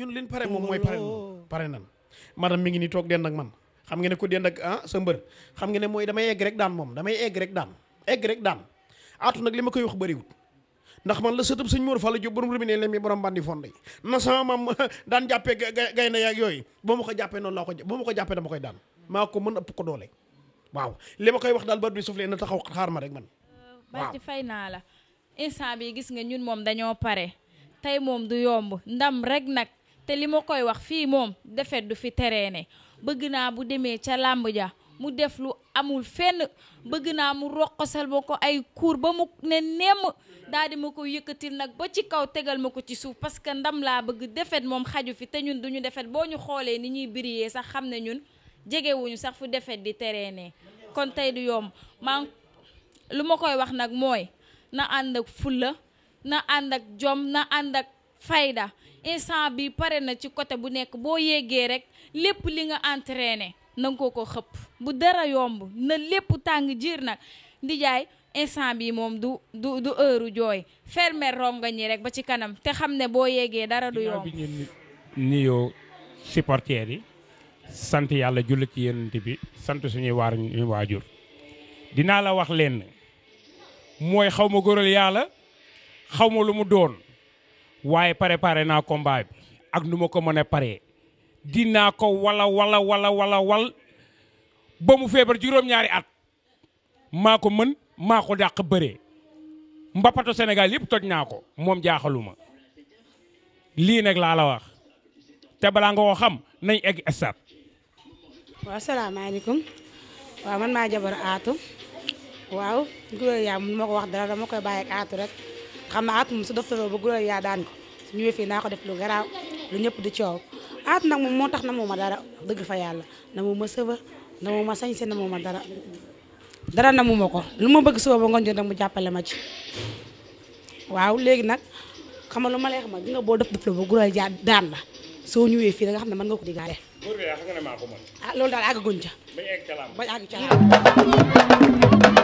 ñun liñ paré mom moy paré paré nan madame mi ngi ni tok dend ak man xam nga ne ko dend ak ah sa mbeur xam nga ne moy damay egg rek daan mom damay egg rek daan egg rek daan atu nak lima koy wax bari bëriwut ndax man la sëtëb seigne Mor Fall Diop borom rubine lemi borom bandi fonde na sama mam daan jappé gayna yak yoy bo ma ko jàppee noonu laa ko bo ma ko jàppee dama koy daan mako mën upp ko doole waaw lima koy wax dal bët bi suuf na taxaw xaar ma rek man waaw ci fay la instant bi gis nga ñun mom dañoo paré tay mom du yomb ndam rek nak te li ma koy wax fii moom defet du fi teree ne bëgg naa bu demee ca làmb ja mu def lu amul fenn bëgg naa mu roqosal ma ko ay kuur ba mu ne nemm daal di ma ko yëkkatil nag ba ci kaw tegal ma ko ci suuf parce que ndam laa bëgg defet moom xaju fi te ñun duñu defet boo ñu xoolee ni ñuy biriyee sax xam ne ñun jegewuñu sax fu defet di teree ne kon tey du yomb maa lu ma koy wax nag mooy na ànd ak fulla na ànd ak jom na ànd ak fayda instant bi pare na ci côté bu nekk boo yéegee rek lépp li nga entraîné na nga ko ko xëpp bu dara yomb na lépp tàng jiir nag di jaay bi moom du du du heure jooy fermer ronga ñi rek ba ci kanam te xam ne boo yéegee dara du yomb nuyoo supporters yi sant yàlla julli ci yonent bi sant suñuy waar ñu waajur dinaa la wax leen mooy xaw ma góoral yàlla xaw ma lu mu doon waaye préparé naa combat bi ak nu ma ko mën a paree naa ko walla walla wala wala wal ba mu feebar juróom-ñaari at maa ko mën maa ko dàq bëree mbapato Sénégal yëpp toj naa ko moom jaaxaluma lii nag laa la wax te balaa nga ko xam nañ egg stade. waaw asalaamaaleykum waaw man maa jabar aatu waaw góor yaa mun ma ko wax dara dama koy bàyyi aatu rek. xam na at moom su doftaloo ba gulal yaa daan ko su ñëwee fii naa ko def lu garaaw lu ñëpp di coow at nag moom moo tax na ma dara dëgg fa yàlla na ma sëba na mooma sañse na mooma dara dara na mooma ko lu ma bëgg suba ba ngoon jot rek jàppale ma ci waaw léegi nag xam nga lu ma lay xamal di boo def def la ba gulal yaa daan la soo ñëwee fii da nga xam ne mën nga ko digaale ah loolu daal àggaguñ ca bañ àgg ca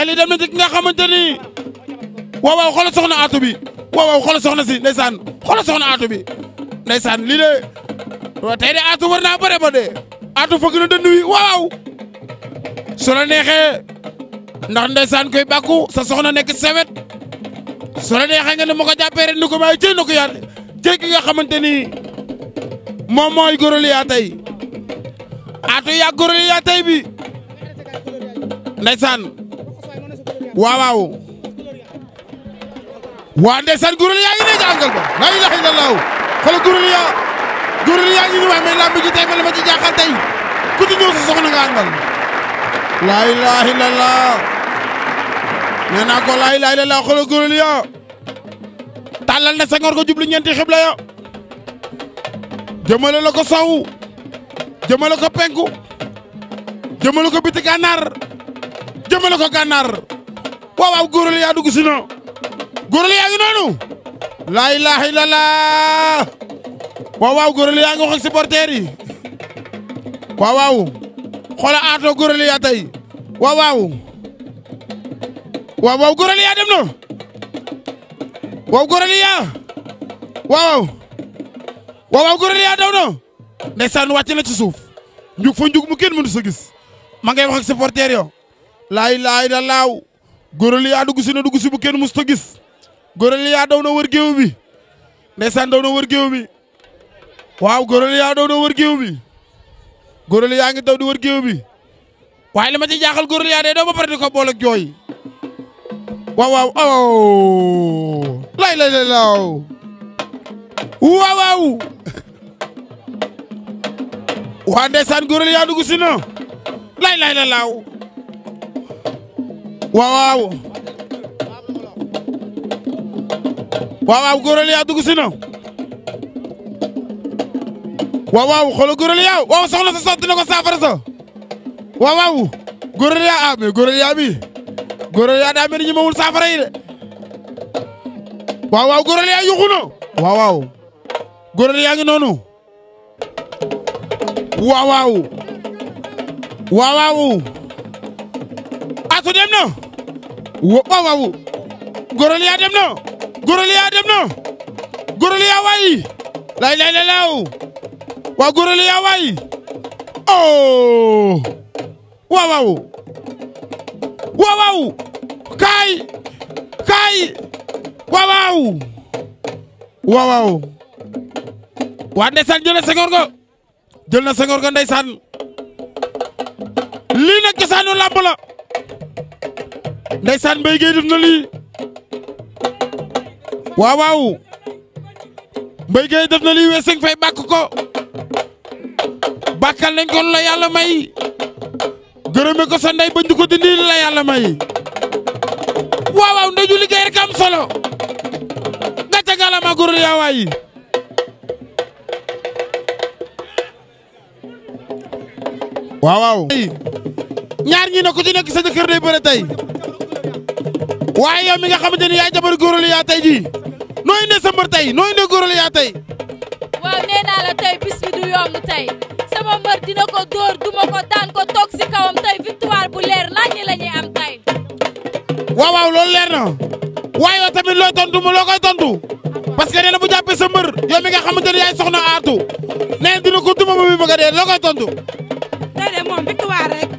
xel yi dem na ci ki nga xamante ni waaw waaw soxna aatu bi waaw waaw xoolal soxna si ndeysaan xoolal soxna aatu bi ndeysaan lii de tey de aatu war naa bëre ba de aatu fëgg na dënd wi waaw su la neexee ndax koy bàkku sa soxna nekk sewet su la neexee nga ne ma ko jàppee ren ni ko maay yaat jëy ki nga xamante ni moom mooy yaa tey aatu yaa góorlu yaa tey bi ndeysaan waaw waaw waa ndeysaan gurul yaa ngi ne jàngal ko la ilaha illallah xool gurul yaa gurul yaa ngi ni wax mais lamb ji tey ma ci jaaxal tey ku ci ñëw soxna nga àndal la ilaha nee naa ko la ilaha illallah xool yaa tàllal na sangoor ko jublu ñeenti xibla ya jëmale ko sow jëmale ko penku jëmale ko biti gànnaar jëmale ko gànnaar waa waaw góoral yaa dugg si noonu yaa ngi noonu laa ilaaha illallaah waaw waaw yaa ngi wax ak supporters yi waaw waaw xoolal aatoo yaa tey waaw waaw waaw waaw góoral yaa dem na waaw góoral yaa ci suuf njug fa njug mu kenn mënu sa gis ma ngay wax ak supporters yo Goroliya dugg si na dugg si bu kenn musta gis wër géew bi ndeysaan daw wër géew bi waaw Goroliya daw na wër géew bi Goroliya ngi daw di wër géew bi waaye li ma ci jaaxal Goroliya de doo ba pare jooy waaw waaw lay lay lay lay lay lay waaw waaw waaw waaw góor yaa dugg si na waaw waaw xoolal góor yaa waaw soxna sa sant na ko saafara sa waaw waaw góor yaa ah mais yaa bi góor yaa daa mel ni ñu saafara yi de waaw waaw góor yaa yuxu na waaw waaw yaa ngi noonu waaw waaw waaw waaw. no wawawu goroli dem no goroli dem no lai lai lau, oh. wa goroli awai, oh wawawu wawawu kai kai wawawu wawawu wow ndeysaan jël jole sengoor go jole na sengoor ndaysan li nak ci sanu lamb la ndeysaan Mbaye Gueye def na lii waaw waaw Mbaye Gueye def na lii Wesseyn Faye bàkk ko bàkkal nañ ko la gërëme ko sa ndey ba ñu ko dindi la waaw waaw ndeju liggéey solo gàcce gàllama góor yaa waay waaw waaw ñaar ñi ne ku ci nekk sa jëkkër day tey waaye yow mi nga xamante ni yaay jabar góorlu yaa tey jii nooy ne sa tey nooy ne góorlu yaa tey. waaw nee naa la tey bis du yomb tey sama mbër dina ko dóor duma ko daan ko toog si kawam tey victoire bu leer laaj la am tey. waaw loolu leer na waaye yow tamit looy tontu mu loo koy tontu parce que bu jàppee sa mbër mi nga xamante ni yaay soxna aatu nee dina ko duma ba muy a loo koy tontu. tey moom victoire rek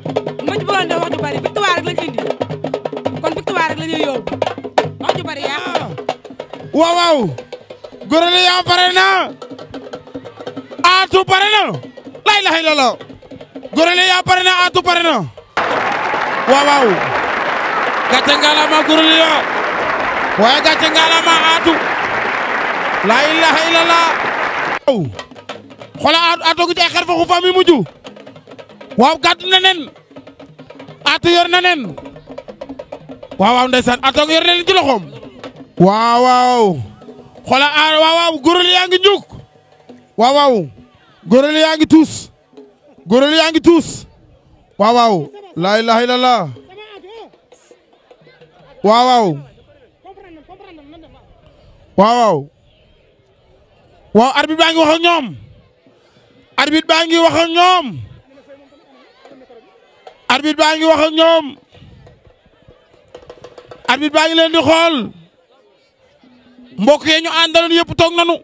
mu ci bëggoon ñu yóbbu wax ju bari yaa ko waaw waaw Gora Lion pare na Atou pare na laa ilaaha illallaah Gora Lion pare na Atou pare na waaw waaw gàcce ngalaama Gora Lion waaye gàcce ngalaama Atou laa ilaaha illallaah xoolal Atou Atou gi ci ay xar fa xu fa mi mujj waaw gàtt na nen Atou yor na nen waaw waaw ndeysaan yor na leen ci loxoom. waaw waaw. yaa ngi jóg. waaw waaw. yaa ngi tuus. góorlu yaa ngi tuus. waaw waaw. laa ilaaha illallaah. waaw waaw. waaw baa ngi wax ak ñoom baa ngi wax ak ñoom baa ngi wax ak ñoom arbitre baa ngi leen di xool mbokk yee ñu àndaloon yëpp toog nanu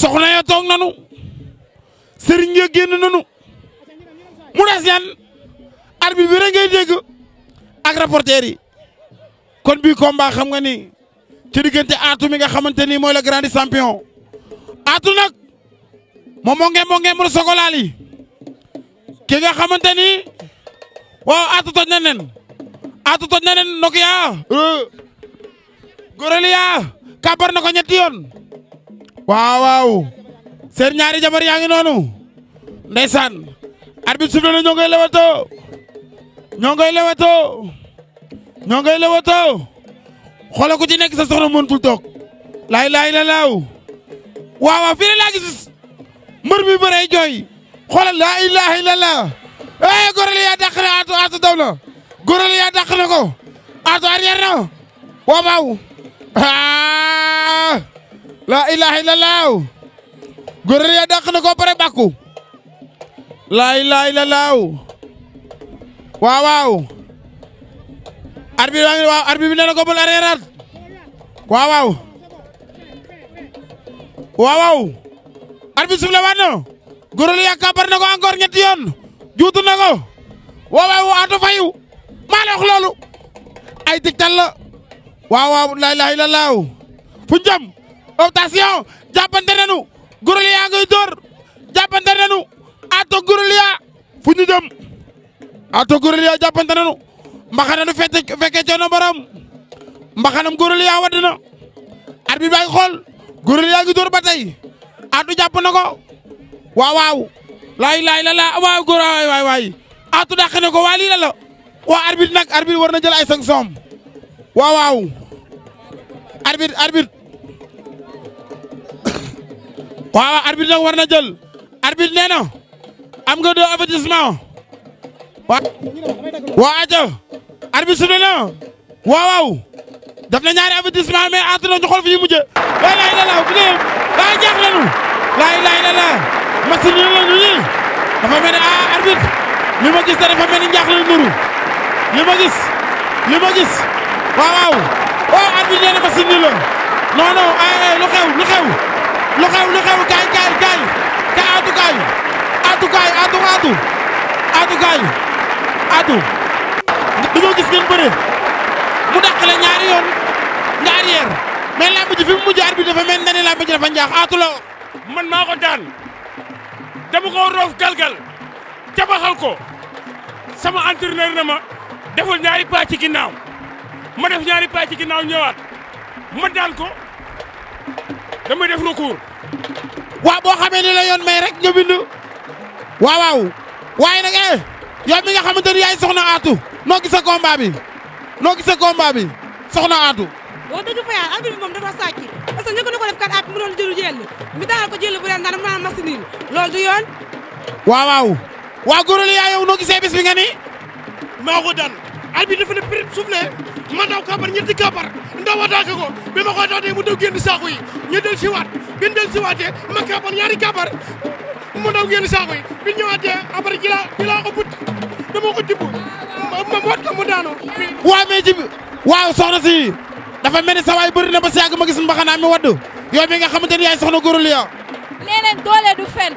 soxna ya toog nanu sëriñ ya génn mu des yan arbitre bi rek ngay dégg ak rapporteur yi kon bii combat xam nga ni ci diggante aatu nga xamante ni mooy la grand champion aatu nag moo ngeen moo ngeen mën a ki nga xamante ni waaw aatu toj na nen atu toj nenen Nokia eh. Gorelia kabar nako ko ñetti wow, waaw waaw seen ñaari jabar yaa ngi noonu ndeysaan arbitre suuf la ñoo lewato ñoo lewato ñoo lewato xoolal ku ci nekk sa soxna mëntul toog lay lay la laaw waaw waaw fii la gis mbër mi eh Gorelia dàq atu atu Atou Gorel yaa dàq na ko ato arrière na waaw waaw ah! la ilaha illallah yaa dàq na ko pare bàkku la ilaha illallah waaw waa ngi waaw arbitre bi nee ko bul arrière at waaw waaw waaw waaw arbitre suuf la yaa kàppar na ko encore ñetti juutu na ko waaw waaw ato maa la wax loolu ay digtal la waaw waaw la ilaha illallah fu jëm optation jàppante nañu gurul yaa ngay dóor jàppante nañu ato gurul yaa fu ñu jëm ato gurul yaa jàppante nañu mbaxana nu fete mbaxanam gurul yaa wadd na ar xool gurul yaa ngi dóor ba tey ato jàpp na ko waaw waaw la ilaha illallah waaw góor waay waay waay ato dàq na ko waa waa arbitre nag arbitre war na jël ay sanction am waaw waaw arbitre arbitre waaw arbitre nag war na jël arbitre nee na am nga deux avertissement waa waa aja arbitre su ne na waaw waaw daf na ñaari avertissement mais àtt na ñu xool fi ñu mujjee laa laay la laa bu dee daa jaaxle nu laay laay la laa machine yi la ñu ñi dafa mel ne ah arbitre li ma gis dafa mel ni njaaxle nuru li gis li gis waaw oh arbitre nee na ma signé la non non ay lu xew lu xew lu xew lu xew kaay kaay kaay kaay atu kaay atu kaay atu atu atu kaay atu dañoo gis ngeen bëre mu dàq la ñaari yoon nga kau mais làmb ji fi mu mujj arbitre dafa mel ne làmb dafa njaax atu la man maa daan dama ko roof galgal jabaxal ko sama entraîneur na ma defal ñaari pas ci ginnaaw ma def ñaari pas ci ginnaaw ñëwaat ma daan ko dama def recours. waaw boo xamee ni la yoon may rek ñu bind. waaw waaw waaye nag eh yow mi nga xamante ni yaay soxna Aatu noo gisee combat bi noo gisee combat bi soxna Aatu. wax dëgg fa yàlla arbitre bi moom dafa sàcc parce que ñu ko def kat at mu doon jëlu jël mi daal ko jël bu leen daan mu naan machine du yoon. waaw waaw. wa Gora ya yow no gisee bis bi nga ni mako dal albi arbitre dafa ne prip suuf ne ma daw kabar ñetti kabar ndaw attaqué ko bi mako ko daanee mu daw génn saxu yi ñu del si bi ndel ci waté ma kabar ñaari kabar mu daw génn saxu yi bi ñewaté abar gila gila ko but dama ko tibb ma mot ko mu daanu wa me jibi wa soxna si dafa melni sa way bëri na ba si ma gis mbaxanaa mi waddu yow mi nga xamanteni yaay soxna Gora ya nee dole du fen